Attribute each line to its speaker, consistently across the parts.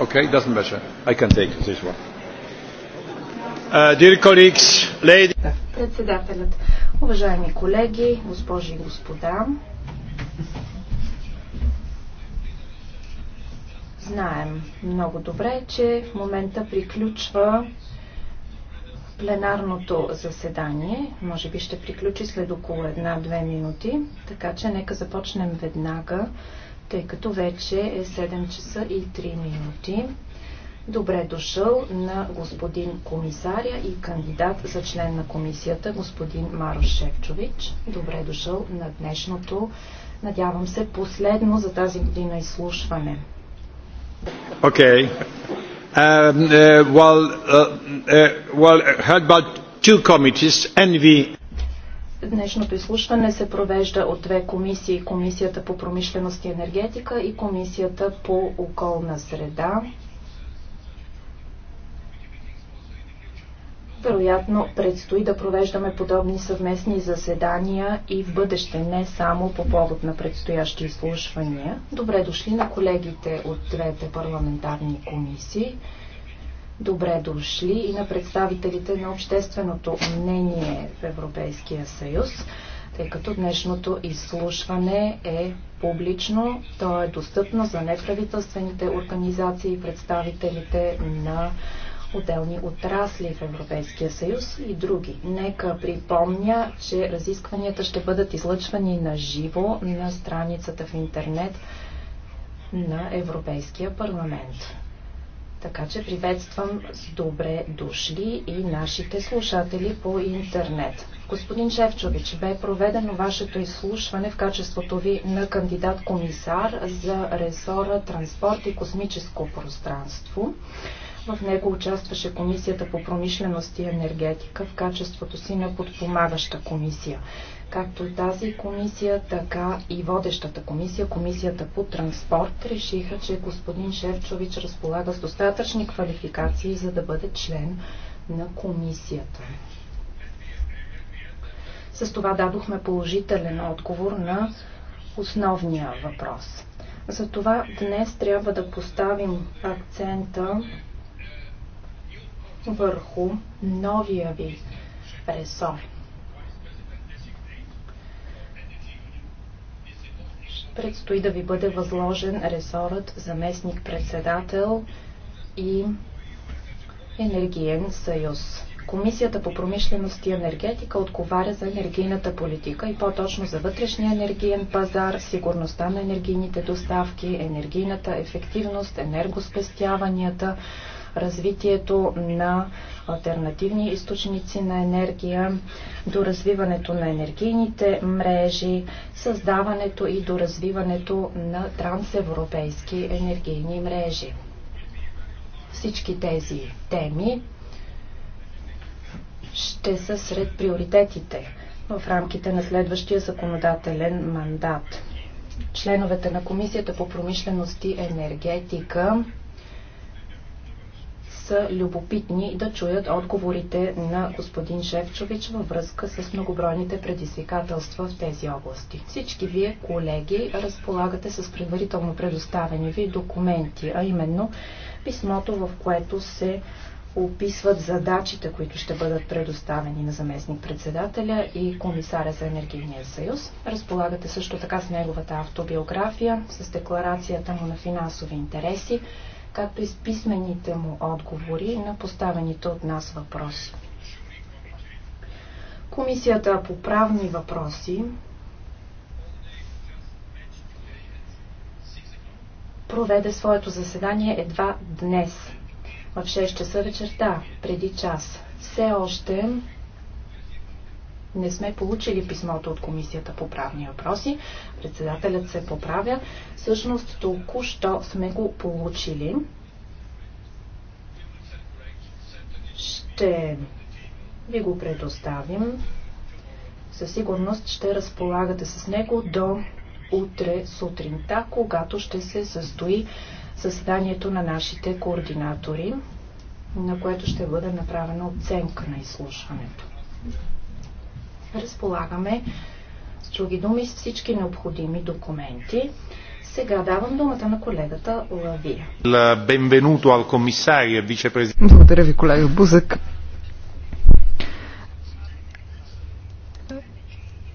Speaker 1: Okay, doesn't matter. I can take this one. Uh, dear colleagues, ladies... Председателят. Уважаеми колеги, госпожи и господа, знаем много добре, че в момента приключва пленарното заседание. Може би ще приключи след около една-две минути, така че нека започнем веднага тъй като вече е 7 часа и 3 минути. Добре дошъл на господин комисаря и кандидат за член на комисията, господин Маро Шевчович. Добре дошъл на днешното, надявам се, последно за тази година изслушване. Okay. Um, uh, well, uh, uh, well, heard about two committees, Днешното изслушване се провежда от две комисии. Комисията по промишленост и енергетика и Комисията по околна среда. Вероятно, предстои да провеждаме подобни съвместни заседания и в бъдеще, не само по повод на предстоящи изслушвания. Добре дошли на колегите от двете парламентарни комисии. Добре дошли и на представителите на общественото мнение в Европейския съюз, тъй като днешното изслушване е публично, то е достъпно за неправителствените организации и представителите на отделни отрасли в Европейския съюз и други. Нека припомня, че разискванията ще бъдат излъчвани на живо на страницата в интернет на Европейския парламент. Така че приветствам с добре дошли и нашите слушатели по интернет. Господин Шевчович, бе проведено вашето изслушване в качеството ви на кандидат-комисар за ресора транспорт и космическо пространство. В него участваше Комисията по промишленост и енергетика в качеството си на подпомагаща комисия. Както тази комисия, така и водещата комисия, Комисията по транспорт, решиха, че господин Шевчович разполага с достатъчни квалификации, за да бъде член на комисията. С това дадохме положителен отговор на основния въпрос. Затова днес трябва да поставим акцента върху новия ви ресор. Предстои да ви бъде възложен ресорът заместник-председател и енергиен съюз. Комисията по промишленост и енергетика отговаря за енергийната политика и по-точно за вътрешния енергиен пазар, сигурността на енергийните доставки, енергийната ефективност, енергоспестяванията, развитието на альтернативни източници на енергия, доразвиването на енергийните мрежи, създаването и доразвиването на трансевропейски енергийни мрежи. Всички тези теми ще са сред приоритетите в рамките на следващия законодателен мандат. Членовете на Комисията по промишленост и енергетика са любопитни да чуят отговорите на господин Шевчович във връзка с многобройните предизвикателства в тези области. Всички вие, колеги, разполагате с предварително предоставени ви документи, а именно писмото, в което се описват задачите, които ще бъдат предоставени на заместник-председателя и комисаря за енергийния съюз. Разполагате също така с неговата автобиография, с декларацията му на финансови интереси, както и с писмените му отговори на поставените от нас въпроси. Комисията по правни въпроси проведе своето заседание едва днес в 6 часа вечерта, преди час. Все още не сме получили писмото от Комисията по правни въпроси. Председателят се поправя. Всъщност току-що сме го получили. Ще ви го предоставим. Със сигурност ще разполагате с него до утре сутринта, когато ще се състои съседанието на нашите координатори, на което ще бъде направена оценка на изслушването. Разполагаме, с други думи, с всички необходими документи. Сега давам думата на колегата Лавия.
Speaker 2: Благодаря ви, колега Бузък.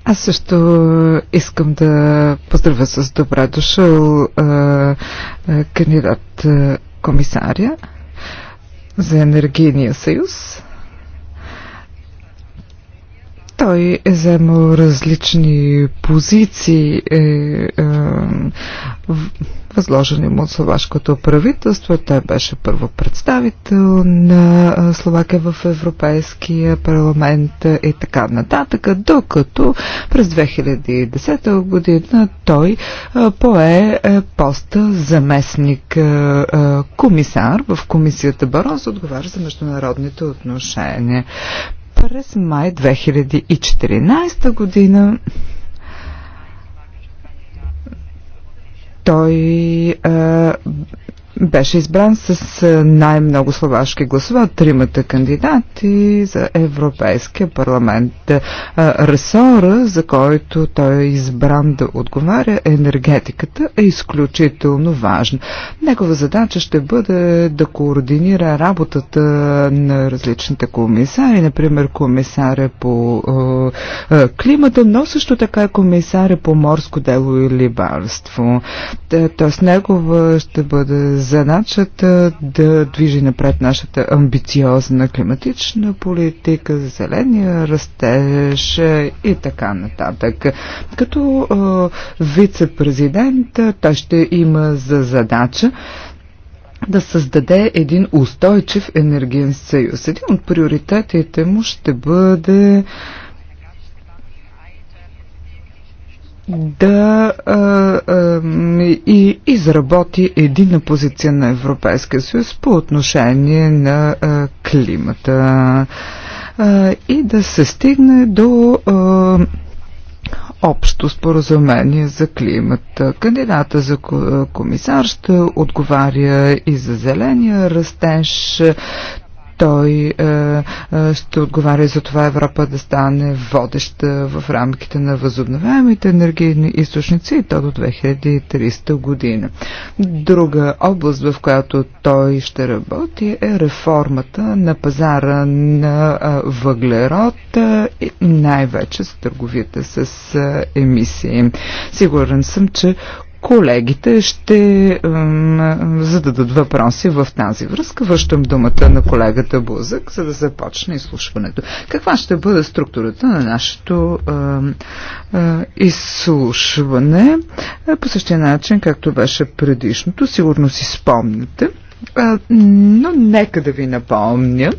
Speaker 2: Аз също искам да поздравя с добра дошъл е, е, кандидат е, комисаря за енергийния съюз. Той е заемал различни позиции, е, е, възложени му от словашкото правителство. Той беше първо представител на е, Словакия в Европейския парламент и така нататък, докато през 2010 година той е, пое е, поста заместник комисар в комисията Барон, за отговаря за международните отношения. През май 2014 година той а, е, беше избран с най-много словашки гласове от тримата кандидати за Европейския парламент. Ресора, за който той е избран да отговаря, енергетиката е изключително важна. Негова задача ще бъде да координира работата на различните комисари, например комисаря по климата, но също така и комисаря по морско дело и либарство. Тоест негова ще бъде задачата да движи напред нашата амбициозна климатична политика, зеления растеж и така нататък. Като вице-президент той ще има за задача да създаде един устойчив енергиен съюз. Един от приоритетите му ще бъде да а, а, и изработи единна позиция на Европейския съюз по отношение на а, климата а, и да се стигне до а, общо споразумение за климата. Кандидата за комисар ще отговаря и за зеления растеж. Той е, е, ще отговаря за това Европа да стане водеща в рамките на възобновяемите енергийни източници и то до 2300 година. Друга област, в която той ще работи е реформата на пазара на е, въглерод е, и най-вече с търговията с е, емисии. Сигурен съм, че колегите ще зададат въпроси в тази връзка. Връщам думата на колегата Бузък, за да започне изслушването. Каква ще бъде структурата на нашето изслушване? Е, по същия начин, както беше предишното, сигурно си спомняте но нека да ви напомня,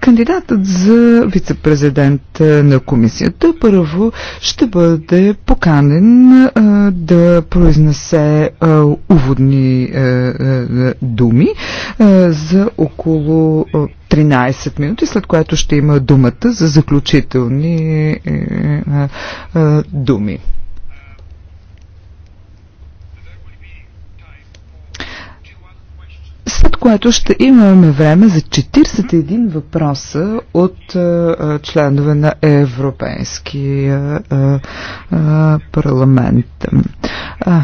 Speaker 2: кандидатът за вице-президент на комисията първо ще бъде поканен да произнесе уводни думи за около 13 минути, след което ще има думата за заключителни е, е, думи. което ще имаме време за 41 въпроса от а, членове на Европейския а, парламент. А,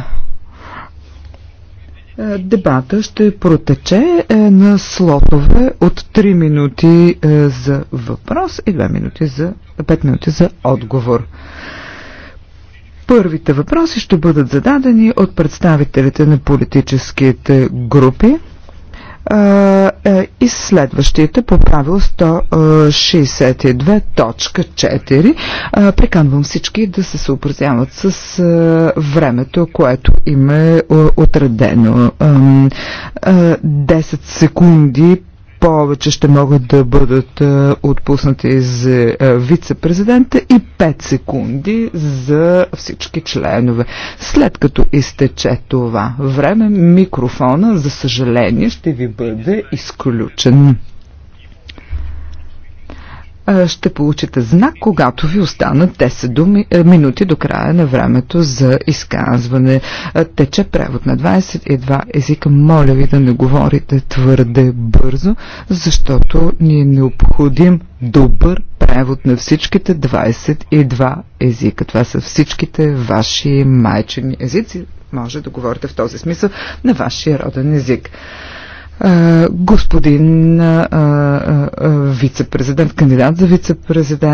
Speaker 2: Дебата ще протече е, на слотове от 3 минути е, за въпрос и 2 минути за, 5 минути за отговор. Първите въпроси ще бъдат зададени от представителите на политическите групи. Е, и следващите по правило 162.4. Е, приканвам всички да се съобразяват с е, времето, което им е отредено. 10 секунди повече ще могат да бъдат е, отпуснати за е, вице-президента и 5 секунди за всички членове. След като изтече това време, микрофона, за съжаление, ще ви бъде изключен ще получите знак, когато ви останат 10 думи, е, минути до края на времето за изказване. Тече превод на 22 езика. Моля ви да не говорите твърде бързо, защото ни е необходим добър превод на всичките 22 езика. Това са всичките ваши майчени езици. Може да говорите в този смисъл на вашия роден език господин вице-президент, кандидат за вице-президент,